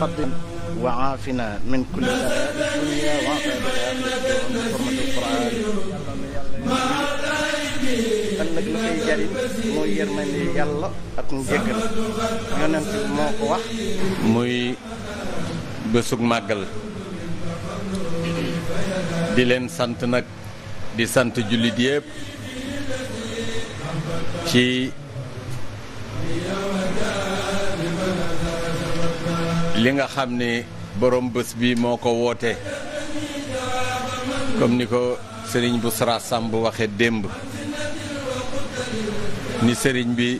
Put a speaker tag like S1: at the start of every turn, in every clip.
S1: فضل وعافنا من كل بلاء الدنيا kon nag lu koy jariñ mooy yërmande yàlla ak njëggal yonent bi moo ko wax muy bésug màggal di leen sant nag di sant jullit yépp ci li nga xam ni borom bés bi moo ko woote comme ni ko sëriñ bu Sara Samb waxee démb ni sëriñ bi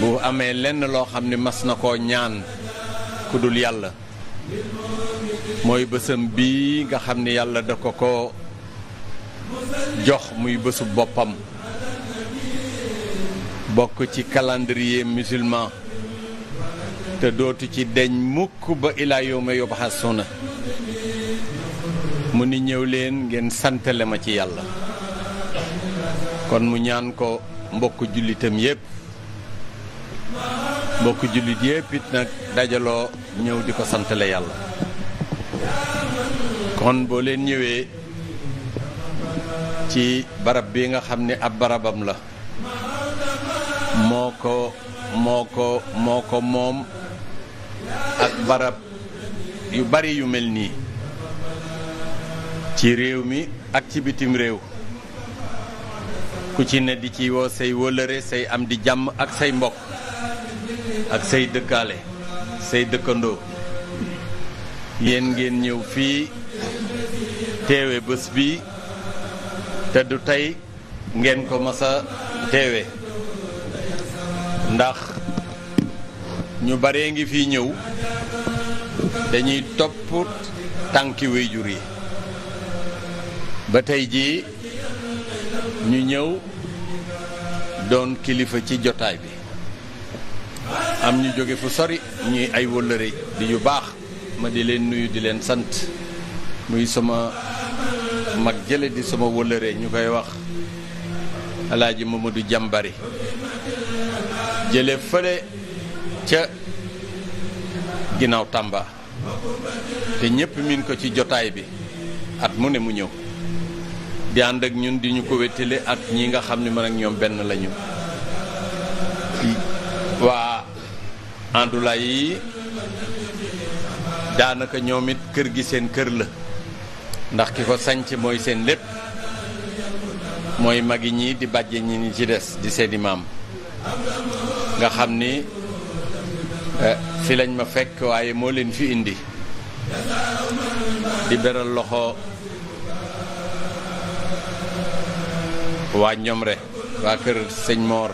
S1: bu amee lenn loo xam ni mas na koo ñaan ku dul yàlla mooy bésam bii nga xam ni yàlla da ko ko jox muy bésu boppam bokk ci calendrier musulman te dootu ci deñ mukk ba ilaa yow ma mu ni ñëw leen ngeen santale ma ci yàlla kon mu ñaan ko mbokk jullitam yépp mbokk jullit yépp it nag dajaloo ñëw di ko santale yàlla kon boo leen ñëwee ci barab bi nga xam ni ab barabam la moo moo ko moo ko moom ak barab yu bari yu mel nii ci réew mi ak ci bitim réew ku ci ne di ci woo say wëlëre say am di jàmm ak say mbokk ak say dëkkaale say dëkkandoo yéen ngeen ñëw fii teewe bés bi te du tey ngeen ko masa teewe ndax ñu baree ngi fi ñëw dañuy topp tànki wéyjur yi ba tey jii ñu ñëw doon kilifa ci jotaay bi am ñu jóge fu sori ñuy ay wëllëre di yu baax ma di leen nuyu di leen sant muy sama mag jële di sama wëllëre ñu koy wax alaaji Mamadou Jàmbari jële fële ca ginnaaw tàmba te ñépp miin ko ci jotaay bi at mu ne mu ñëw di ànd ak ñun di ñu ko wéttale at ñi nga xam ne man ak ñoom benn lañu waa àndulaay yi daanaka ñoom it kër gi seen kër la ndax ki ko sanc mooy seen lépp mooy magi ñii di bàjje ñi ni ci des di seeni maam nga xam ni Eh, fi lañ ma fekk waaye moo leen fi indi di beral loxo waa Ñomre waa kër sëñ Moor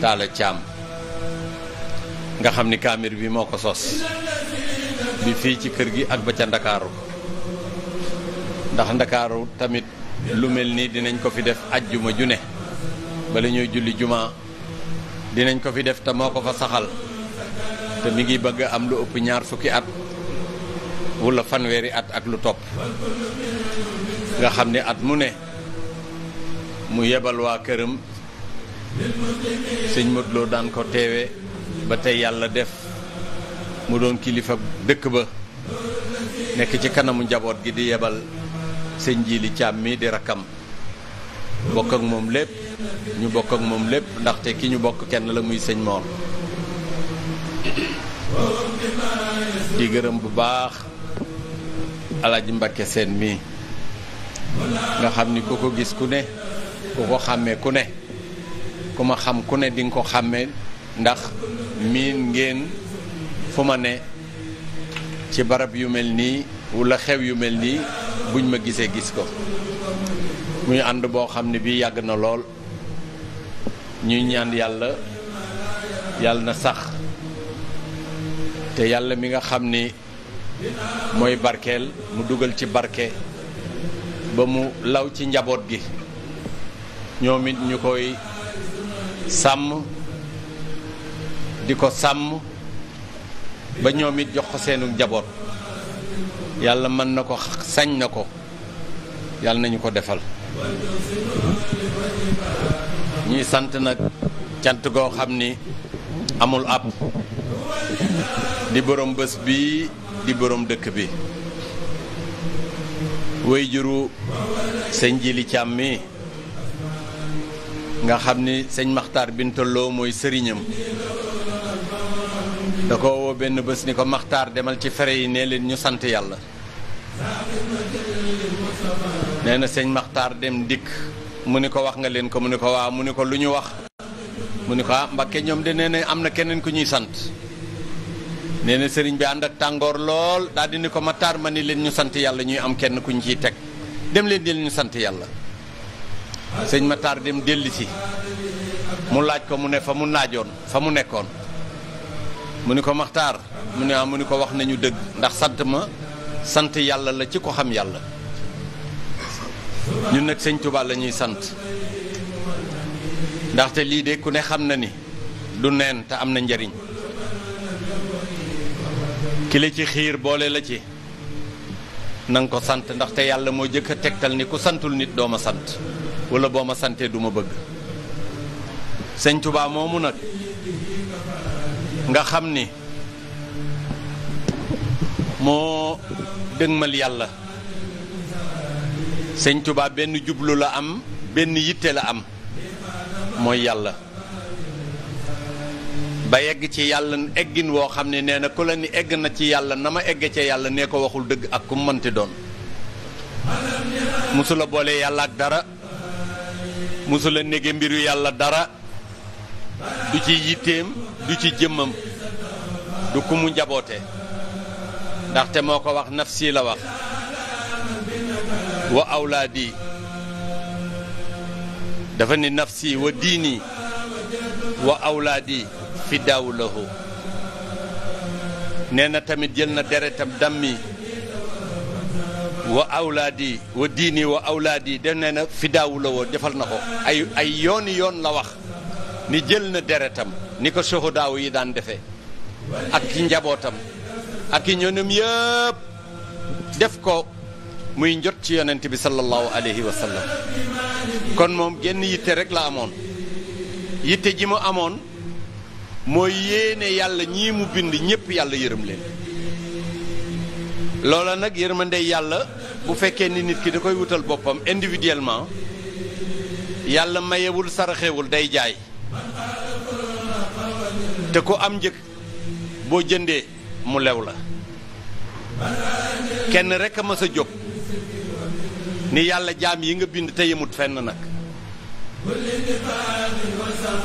S1: Taala Caam nga xam ni kaamir bi moo ko sos bi fii ci kër gi ak ba ca Ndakaaru ndax Ndakaaru tamit lu mel nii dinañ ko fi def ajjuma ju ne bala ñuy julli juma dinañ ko fi def te moo ko fa saxal te mi ngi bëgg am lu ëpp ñaar fukki at wala fanweeri at ak lu topp nga xam ne at mu ne mu yebal waa këram sëñ Modou Lo daan ko teewe ba tey yàlla def mu doon kilifa dëkk ba nekk ci kanamu njaboot gi di yebal sëñ Jili Caam mi di rakkam bokk ak moom lépp ñu bokk moom lépp ndaxte ki ñu bokk kenn la muy sëñ Moor di gërëm bu baax Alaaji Mbakke seen mii nga xam ni ku ko gis ku ne ku ko xàmmee ku ne kuma xam ku ne dinga ko xàmmee ndax mii ngéen fu ma ne ci barab yu mel nii wala xew yu mel nii buñ ma gisee gis ko muy ànd boo xam ne bii yàgg na lool ñuy ñaan yàlla yàlla na sax te yàlla mi nga xam ni mooy barkeel mu dugal ci barke ba mu law ci njaboot gi ñoom it ñu koy sàmm di ko sàmm ba ñoom it jox ko seenu njaboot yàlla mën na ko sañ na ko yàlla nañu ko defal ñuy sant nag cant goo xam ni amul ab di borom bés bi di borom dëkk bi way juru sëñ Jili Caam mi nga xam ni sëñ Maxtaar Bintaloo mooy sëriñam da ko woo benn bés ni ko Maxtaar demal ci fere yi nee leen ñu sant yàlla nee na sëñ Maxtaar dem dikk mu ni ko wax nga leen ko mu ni ko waa mu ni ko lu ñu wax mu ni ko ah, Mbakke ñoom de nee na am na keneen ku ñuy sant nee na sëriñ bi ànd ak tàngoor lool daal di ni ko taar ma ni leen ñu sant yàlla ñuy am kenn ku ñu ciy teg dem leen di leen ñu sant yàlla. sëñ Matar dem dellu si mu laaj ko mu ne fa mu naajoon fa mu nekkoon mu ni ko Maxtaar mu ne ah mu ni ko wax nañu dëgg ndax sant ma sant yàlla la ci ko xam yàlla ñun nag sëñ Tuubaa la ñuy sant. ndaxte lii de ku ne xam na ni du neen te am na njariñ ki la ci xiir boole la ci nanga ko sant ndaxte yàlla moo jëkk a tegtal ni ku santul nit doo ma sant wala boo ma santee du ma bëgg sëñ Tuubaa moomu nag nga xam ni moo dëgmal yàlla sëñ tubaa benn jublu la am benn yitte la am mooy yàlla ba yegg ci yàlla eggin woo xam ne nee na ku la ni egg na ci yàlla na ma egg ca yàlla nee ko waxul dëgg ak ku mënti doon musula boole yàlla ak dara musula nége mbiru yàlla dara du ci yitteem du ci jëmmam du ku mu njaboote ndaxte moo ko wax nafsi la wax wa awlaadi dafa ni nafsi wa diini wa awlaadi fi daawu lahu nee na tamit jël na deretam dammi wa awlaadi wa diini wa awlaadi def nee na fi daawu la woo defal na ko ay ay yooni yoon la wax ni jël na deretam ni ko soxodaaw yi daan defe ak ci njabootam ak i ñoonam yëpp def ko muy njot ci yonent bi sallallahu alayhi wa sallam kon moom genn yitte rek la amoon yitte ji mu amoon mooy yéene yàlla ñii mu bind ñépp yàlla yërëm leen loola nag yërmande yàlla bu fekkee ni nit ki da koy wutal boppam individuellement yàlla mayewul saraxewul day jaay te ku am njëg boo jëndee mu lew la kenn rek a mësa jóg ni yàlla jaam yi nga bind te yemut fenn nag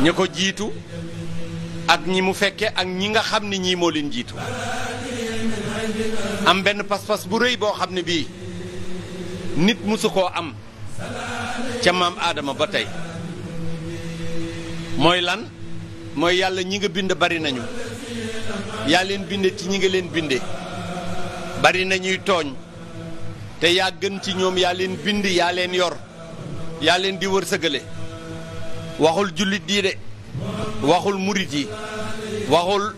S1: ñi ko jiitu ak ñi mu fekke ak ñi nga xam ni ñii moo leen jiitu am benn pas-pas bu réy boo xam ne bii nit mësu koo am ca maam aadama ba tey mooy lan mooy yàlla ñi nga bind bari nañu yaa leen binde ci ñi nga leen binde bari nañuy tooñ te yaa gën ci ñoom yaa leen bind yaa leen yor yaa leen di wërsëgale waxul jullit yi de waxul murit yi waxul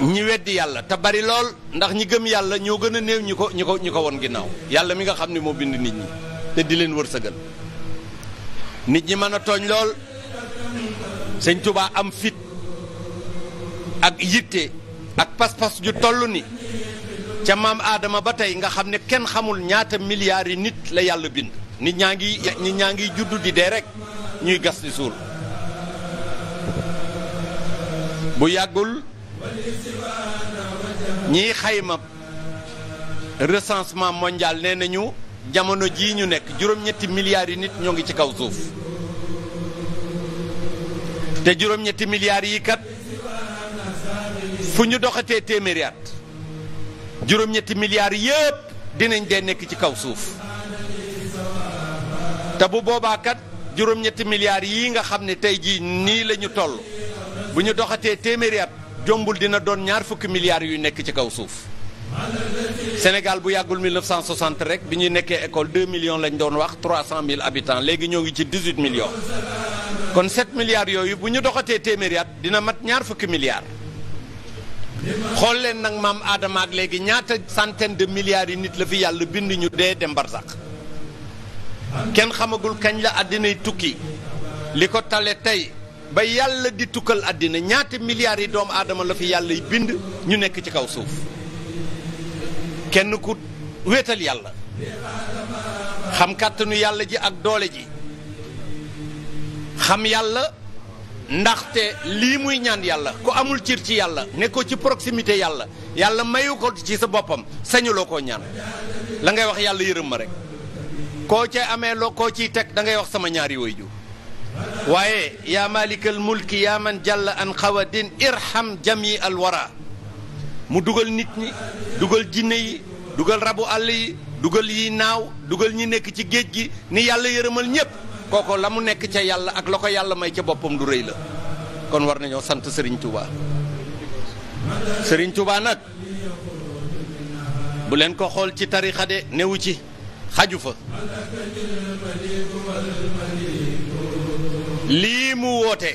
S1: ñi weddi yàlla te bari lool ndax ñi gëm yàlla ñoo gën a néew ñi ko ñi ko ñi ko won ginnaaw yàlla mi nga xam ni moo bind nit ñi te di leen wër wërsëgal nit ñi mën a tooñ lool sëñ Tuubaa am fit ak yitte ak pas-pas ju toll ni ca maam aadama ba tey nga xam ne kenn xamul ñaata milliards yi nit la yàlla bind nit ñaa ngi nit ñaa ngi juddu di dee rek ñuy gas di suul bu yàggul ñiy xayma recensement mondial nee nañu jamono jii ñu nekk juróom-ñetti milliards yi nit ñoo ngi ci kaw suuf te juróom-ñetti milliards yi kat fu ñu doxatee téeméeri juróom-ñetti milliards yëpp dinañ dee nekk ci kaw suuf te bu boobaa kat juróom-ñetti milliards yii nga xam ne tey jii nii la ñu toll bu ñu doxatee téeméeri jombul dina doon ñaar fukki milliards yu nekk ci kaw suuf. Sénégal bu yàggul 1960 rek bi ñuy nekkee école 2 millions lañ doon wax 300 000 habitants léegi ñoo ngi ci 18 millions kon 7 milliards yooyu bu ñu doxatee téeméeri dina mat ñaar fukki milliards. xool leen nag maam aadamaak léegi ñaata centaine de milliards yi nit la fi yàlla bind ñu dee dem barsax kenn xamagul kañ la àddinay tukki li ko tale tey ba yàlla di tukkal àddina ñaata milliards yi doom aadama la fi yàlla bind ñu nekk ci kaw suuf kenn ku wéetal yàlla xam kàttanu yàlla ji ak doole ji xam yàlla ndaxte lii muy ñaan yàlla ku amul cir ci yàlla nekkoo ci proximité yàlla yàlla mayu ko ci sa boppam sañuloo koo ñaan la ngay wax yàlla yërëm ma rek koo ca amee loo koo ciy teg dangay wax sama ñaari wayju waaye yaa malikal mulki yaa man jàlla an xawadin irham jami al wara mu dugal nit ñi dugal jinne yi dugal rabu àll yi dugal yi naaw dugal ñi nekk ci géej gi ni yàlla yërëmal ñépp kooko la mu nekk ca yàlla ak la ko yàlla may ca boppam lu réy la kon war nañoo sant sëriñ Touba Serigne Touba nag bu leen ko xool ci tarixa de newu ci xaju fa lii mu woote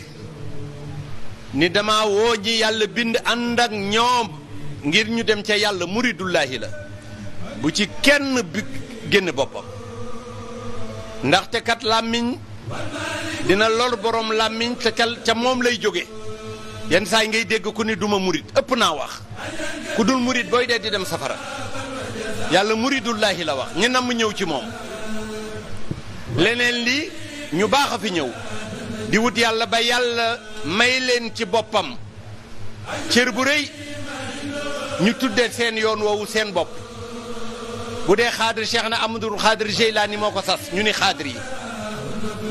S1: ni dama woo ñi yàlla bind ànd ak ñoom ngir ñu dem ca yàlla muridullaahi la bu ci kenn bi génn boppam ndaxte kat làmmiñ dina lor borom làmmiñ te ca moom lay jóge yenn saa yi ngay dégg ku ni duma murit ëpp naa wax ku dul murit booy dee di dem safara yàlla muridullaahi la wax ñi namm ñëw ci moom leneen li ñu baax a fi ñëw di wut yàlla ba yàlla may leen ci boppam cër bu rëy ñu tuddee seen yoon woowu seen bopp bu dee xaadir Cheikh na Ahmadul Xaadir Jeylaani moo ko sas ñu ni xaadir yi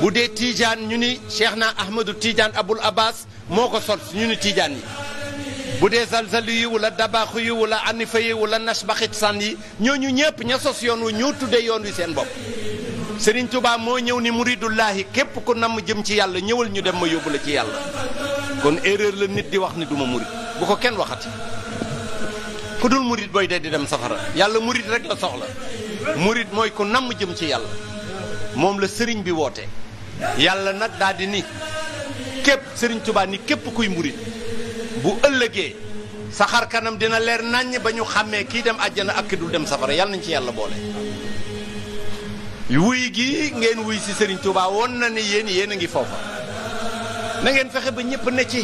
S1: bu dee Tidiane ñu ni Cheikh na Ahmadou Tidiane Abul Abbas moo ko sos ñu ni Tidiane yi bu dee zalzali yi wala dabaxu yi wala anifa yi wala nasbaxit san yi ñooñu ñëpp ña sos yoon wi ñoo tuddee yoon wi seen bopp Serigne Touba moo ñëw ni muridullahi képp ku namm jëm ci yàlla ñëwal ñu dem ma yóbbu la ci yàlla kon erreur la nit di wax ni du murid bu ko kenn waxati ku dul murit booy dee di dem safara yàlla murit rek la soxla murit mooy ku namm jëm ci yàlla moom la sëriñ bi woote yàlla nag daal di ni képp sëriñ Tuubaa ni képp kuy murit bu ëllëgee sa xar kanam dina leer nàññ ba ñu xàmmee kiy dem àjjana ak ki dul dem safara yàlla nañ ci yàlla boole wuy gi ngeen wuy si sëriñ Tuubaa woon na ne yéen yéen a ngi foofa na fexe ba ñëpp ne ci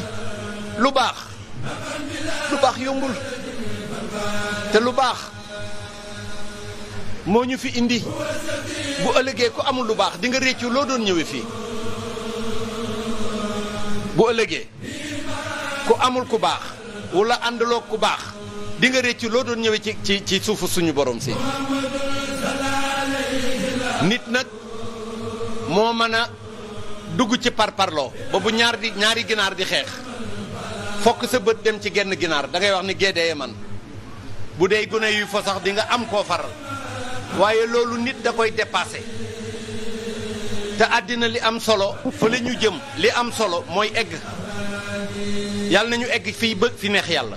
S1: lu baax lu baax yombul te lu baax moo ñu fi indi bu ëllëgee ku amul lu baax dinga nga réccu loo doon ñëwee fii bu ëllëgee ku amul ku baax wala àndaloo ku baax di nga réccu loo doon ñëwee ci ci ci suufu suñu borom si nit nag moo mën a dugg ci parparloo ba bu ñaar di ñaari ginaar di xeex fokk sa bët dem ci genn ginaar da ngay wax ni géedee man bu dee gone yuy fo sax di nga am koo faral waaye loolu nit da koy dépassé te àddina li am solo fa ñu jëm li am solo mooy egg yàlla nañu egg fii bëgg fi neex yàlla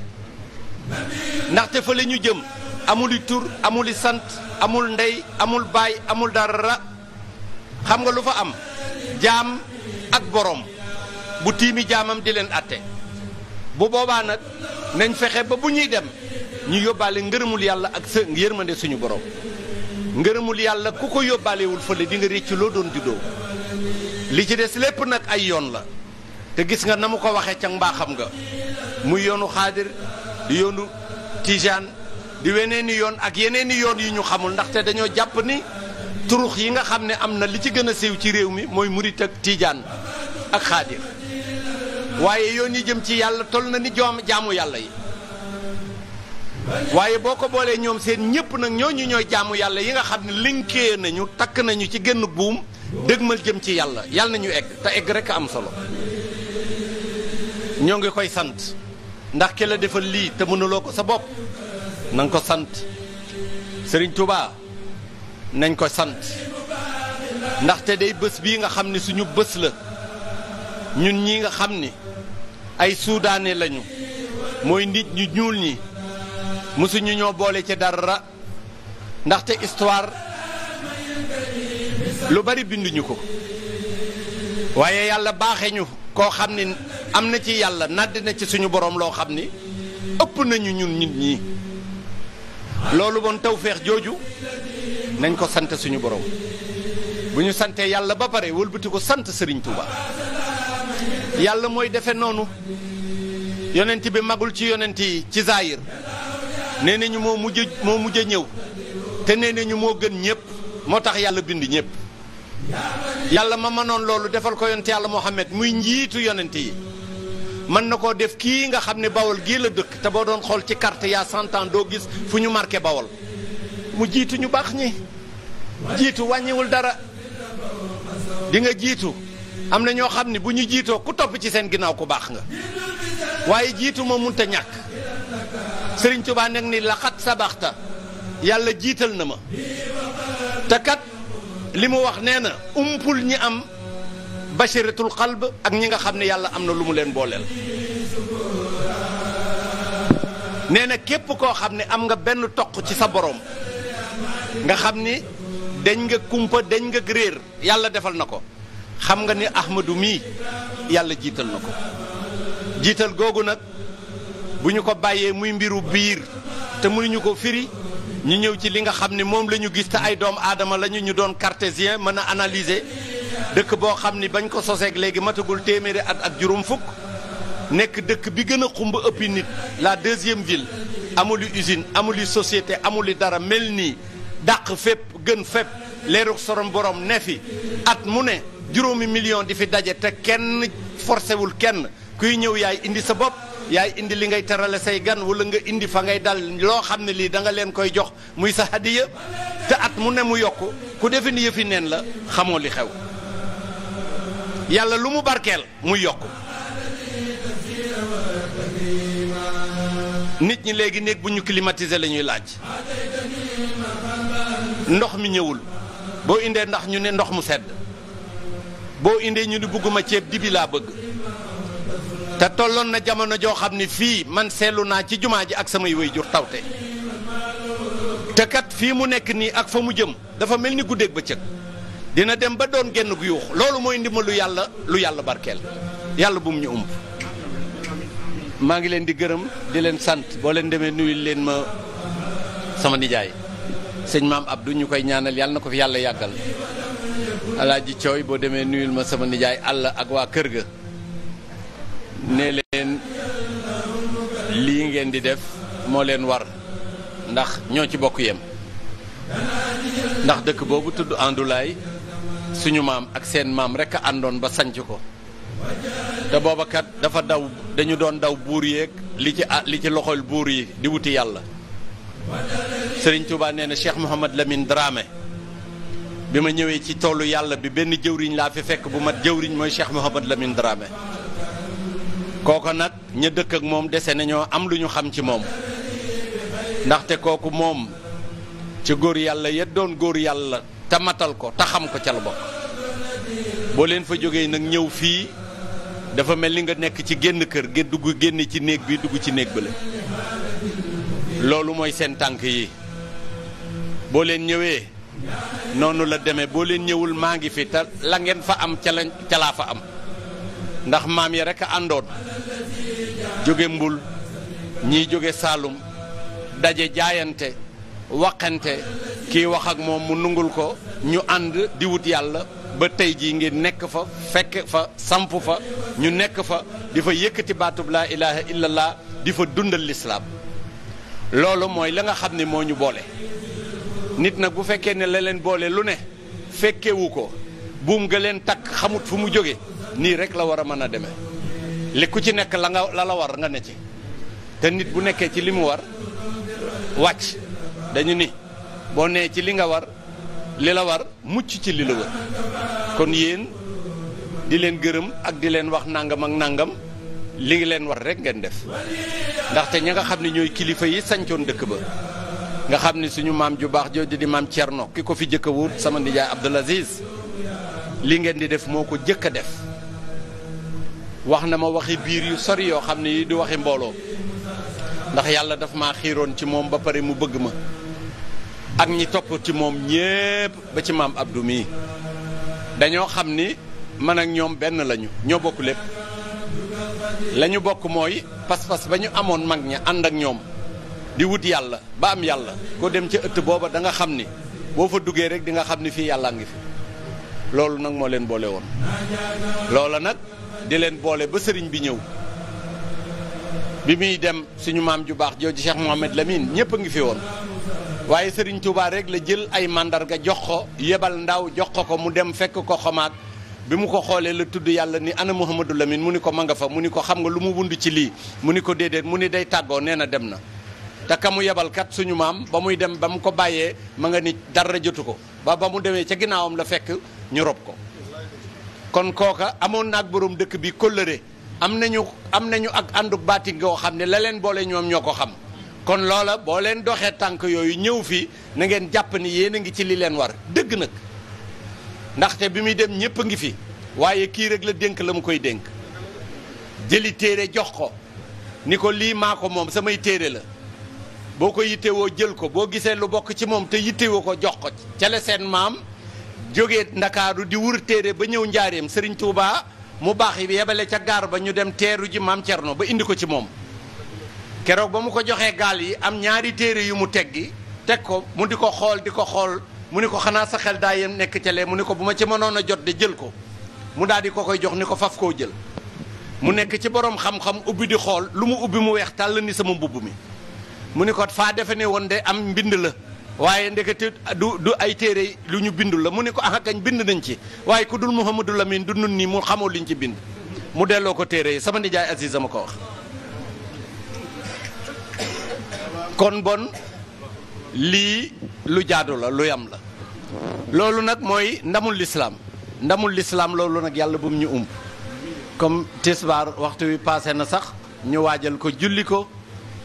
S1: ndaxte fa la ñu jëm amul yi tur amul yi sant amul ndey amul baay amul dara xam nga lu fa am jaam ak boroom bu tiimi jaamam di leen atte bu boobaa nag nañ fexe ba bu ñuy dem ñu yóbbaale ngërëmul yàlla ak sa yërmande suñu borom ngërëmul yàlla ku ko yóbbaalewul fële di nga récc loo doon juddoo li ci des lépp nag ay yoon la te gis nga na mu ko waxee ca mbaaxam nga muy yoonu xaadir di yoonu tijaan di weneen ni yoon ak yeneen i yoon yi ñu xamul ndaxte dañoo jàpp ni turux yi nga xam ne am na li ci gën a siiw ci réew mi mooy murit ak tijaan ak xaadir waaye yoon yi jëm ci yàlla toll na ni joom jaamu yàlla yi waaye boo ko boolee ñoom seen ñëpp nag ñooñu ñooy jaamu yàlla yi nga xam ne linkee nañu takk nañu ci génn buum dëgmal jëm ci yàlla yàlla nañu egg te egg rek am solo ñoo ngi koy sant ndax ki la defal lii te mënuloo ko sa bopp nañ ko sant Sëriñ Tuubaa nañ ko sant ndaxte day bés bii nga xam ni suñu bés la ñun ñi nga xam ni ay suudaane lañu mooy nit ñu ñuul ñi mësuñu ñoo boole ci dara ndaxte histoire lu bari binduñu ko waaye yàlla baaxe ñu koo xam ni am na ci yàlla nàdd na ci suñu borom loo xam ni ëpp nañu ñun nit ñi loolu bon tawféex jooju nañ ko sant suñu borom bu ñu santee yàlla ba pare wëlbati ko sant Serigne Touba yàlla mooy defe noonu yonent bi magul ci yonent yi ci zaayir nee nañu moo mujj moo mujj ñëw te nee nañu moo gën ñëpp moo tax yàlla bind ñëpp yàlla ma mënoon loolu defal ko yonent yàlla Muhammad muy njiitu yonent yi mën na koo def kii nga xam ne bawol gii la dëkk te boo doon xool ci carte yaa cent ans doo gis fu ñu marqué bawol mu jiitu ñu baax ñi jiitu wàññiwul dara di nga jiitu am na ñoo xam ne bu ñu jiitoo ku topp ci seen ginnaaw ku baax nga waaye jiitu moom mënut ñàkk sëriñ Tuubaa nag ni laxat sabaxta yàlla jiital na ma te kat li mu wax nee na umpul ñi am bashiratul xalb ak ñi nga xam ne yàlla am na lu mu leen booleel nee na képp koo xam ne am nga benn toq ci sa boroom nga xam ni dañ nga kumpa dañ nga réer yàlla defal na ko xam nga ni Ahmadu mii yàlla jiital na ko jiital googu nag bu ñu ko bàyyee muy mbiru biir te mënuñu ko firi ñu ñëw ci li nga xam ni moom la ñu gis te ay doom aadama lañu ñu doon cartésien mën a analyser dëkk boo xam ni bañ ko soseeg léegi matagul téeméeri at ak juróom fukk nekk dëkk bi gën a xumb ëppi nit la deuxième ville amuli usine amuli société amuli dara mel nii dàq fépp gën fépp leeruk sorom borom ne fi at mu ne juróomi million di fi daje te kenn forcé wul kenn kuy ñëw yaay indi sa bopp yaay indi li ngay terale say gan wala nga indi fa ngay dal loo xam ne lii da nga leen koy jox muy sa hadiya te at mu ne mu yokk ku defe ni yëfi neen la xamoo li xew yàlla lu mu barkeel muy yokk nit ñi léegi néeg bu ñu climatisé la ñuy laaj ndox mi ñëwul boo indee ndax ñu ne ndox mu sedd boo indee ñu ne bugguma ceeb dibi laa bëgg te tolloon na jamono joo xam ni fii man seetlu naa ci jumaa ji ak samay waajur tawte te kat fii mu nekk nii ak fa mu jëm dafa mel ni ba bëccëg dina dem ba doon genn gu yuux loolu mooy ndimbalu yàlla lu yàlla barkeel yàlla bu mu ñu umb maa ngi leen di gërëm di leen sant boo leen demee nuyul leen ma sama nijaay sëñ maam Abdou ñu koy ñaanal yàlla na ko fi yàlla yàggal alaaji cooy boo demee nuyul ma sama nijaay àll ak waa kër ga ne leen lii ngeen di def moo leen war ndax ñoo ci bokk yem ndax dëkk boobu tudd Andoulaye suñu maam ak seen maam rek a àndoon ba sanc ko te booba dafa daw dañu doon daw buur yeeg li ci li ci loxol buur yi di wuti yàlla Sëriñ Tuubaa nee na Cheikh Mouhamad Lamine Dramé bi ma ñëwee ci toolu yàlla bi benn jëwriñ laa fi fekk bu mat jëwriñ mooy Cheikh Mouhamad lamin Dramé kooko nag ña dëkk ak moom dese nañoo am lu ñu xam ci moom ndaxte kooku moom ci góor yàlla ya doon góor yàlla te matal ko te xam ko ca la bokk boo leen fa jógee nag ñëw fii dafa mel ni nga nekk ci génn kër gi dugg génn ci néeg bi dugg ci néeg bële loolu mooy seen tànk yi boo leen ñëwee noonu la demee boo leen ñëwul maa ngi fi te la ngeen fa am cala la ca laa fa am ndax maam yi rek a àndoon jóge mbul ñii jóge saalum daje jaayante waxante kii wax ak moom mu nungul ko ñu ànd di wut yàlla ba tey jii ngeen nekk fa fekk fa samp fa ñu nekk fa di fa yëkkati baatub laa ilaha illallah di fa dundal lislaam loolu mooy la nga xam ni moo ñu boole nit nag bu fekkee ne la leen boole lu ne fekkewu ko buum ga leen takk xamut fu mu jóge nii rek la war a mën a demee li ku ci nekk la nga la la war nga ne ci te nit bu nekkee ci li mu war wàcc dañu ni boo nee ci li nga war li la war mucc ci li la wër kon yéen di leen gërëm ak di leen wax nangam ak nangam li ngi leen war rek ngeen def ndaxte ña nga xam ne ñooy kilifa yi sancoon dëkk ba nga xam ne suñu maam ju baax jooju di maam Thierno ki ko fi jëkk a wut sama nijaay Abdoul Aziz li ngeen di def moo ko jëkk a def wax na ma waxi biir yu sori yoo xam ne yi di waxi mbooloo ndax yàlla daf ma xiiroon ci moom ba pare mu bëgg ma ak ñi topp ci moom ñépp ba ci maam ab Abdou mii dañoo xam ni man ak ñoom benn lañu ñoo bokk lépp la ñu bokk mooy pas-pas ba ñu amoon mag ña ànd ak ñoom di wut yàlla ba am yàlla koo dem ca ëtt booba da nga xam ni boo fa duggee rek di nga xam ni fii yàllaa ngi fi loolu nag moo leen boole woon loola nag di leen boole ba sëriñ bi ñëw bi muy dem suñu maam ju baax jooju Cheikh Mohamed Lamine ñëpp a ngi fi woon waaye sëriñ Touba rek la jël ay mandarga jox ko yebal ndaw jox ko ko mu dem fekk ko xamaak bi mu ko xoolee la tudd yàlla ni ana Mouhamadou Lamine mu ni ko ma nga fa mu ni ko xam nga lu mu wund ci lii mu ni ko déedéet mu ni day tàggoo neena dem na te ka mu yebal suñu maam ba muy dem ba mu ko bàyyee ma nga ni dara jotu ko ba ba mu demee ca ginnaawam la fekk ñu ko kon kooka amoon naag borom dëkk bi kóllëre am nañu am nañu ak ànduk baatin goo xam ne la leen boole ñoom ñoo ko xam kon loola boo leen doxee tànk yooyu ñëw fii nangeen ngeen jàpp ni yéen a ngi ci li leen war dëgg nag ndaxte bi muy dem ñëpp a ngi fi waaye kii rek la dénk la mu koy dénk jëli téere jox ko ni ko lii maa ko moom samay téere la boo ko yittewoo jël ko boo gisee lu bokk ci moom te yittewoo ko jox ko ca seen maam jóge ndakaaru di wur téere ba ñëw njaareem Serigne Touba mu baax yi yebale ca gaar ba ñu dem teeru ji maam Cerno ba indi ko ci moom keroog ba mu ko joxee gaal yi am ñaari téere yu mu teggi teg ko mu di ko xool di ko xool mu ni ko xanaa sa xel daa yem nekk ca lee mu ni ko bu ma ci mënoon a jot de jël ko mu daal di ko koy jox ni ko faf koo jël mu nekk ci borom xam-xam ubbi di xool lu mu ubbi mu weex tàll ni sama mbubb mi mu ni ko faa defe ne woon de am mbind la waaye ndekete du du ay téere lu ñu bindul la mu ne ko ah añ bind nañ ci waaye ku dul Mouhamadou Lamine du nun nii mu xamoo liñ ci bind mu delloo ko téere yi sama nijaay Aziz sama ko wax kon bon lii lu jaadu la lu yam la loolu nag mooy ndamul lislaam ndamul lislaam loolu nag yàlla bu mu ñu umb comme tisbaar waxtu wi paase na sax ñu waajal ko julli ko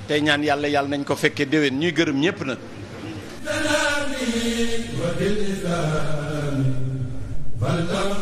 S1: te ñaan yàlla yàlla nañ ko fekkee déwén ñuy gërëm ñëpp nag وبالإسلام فلتم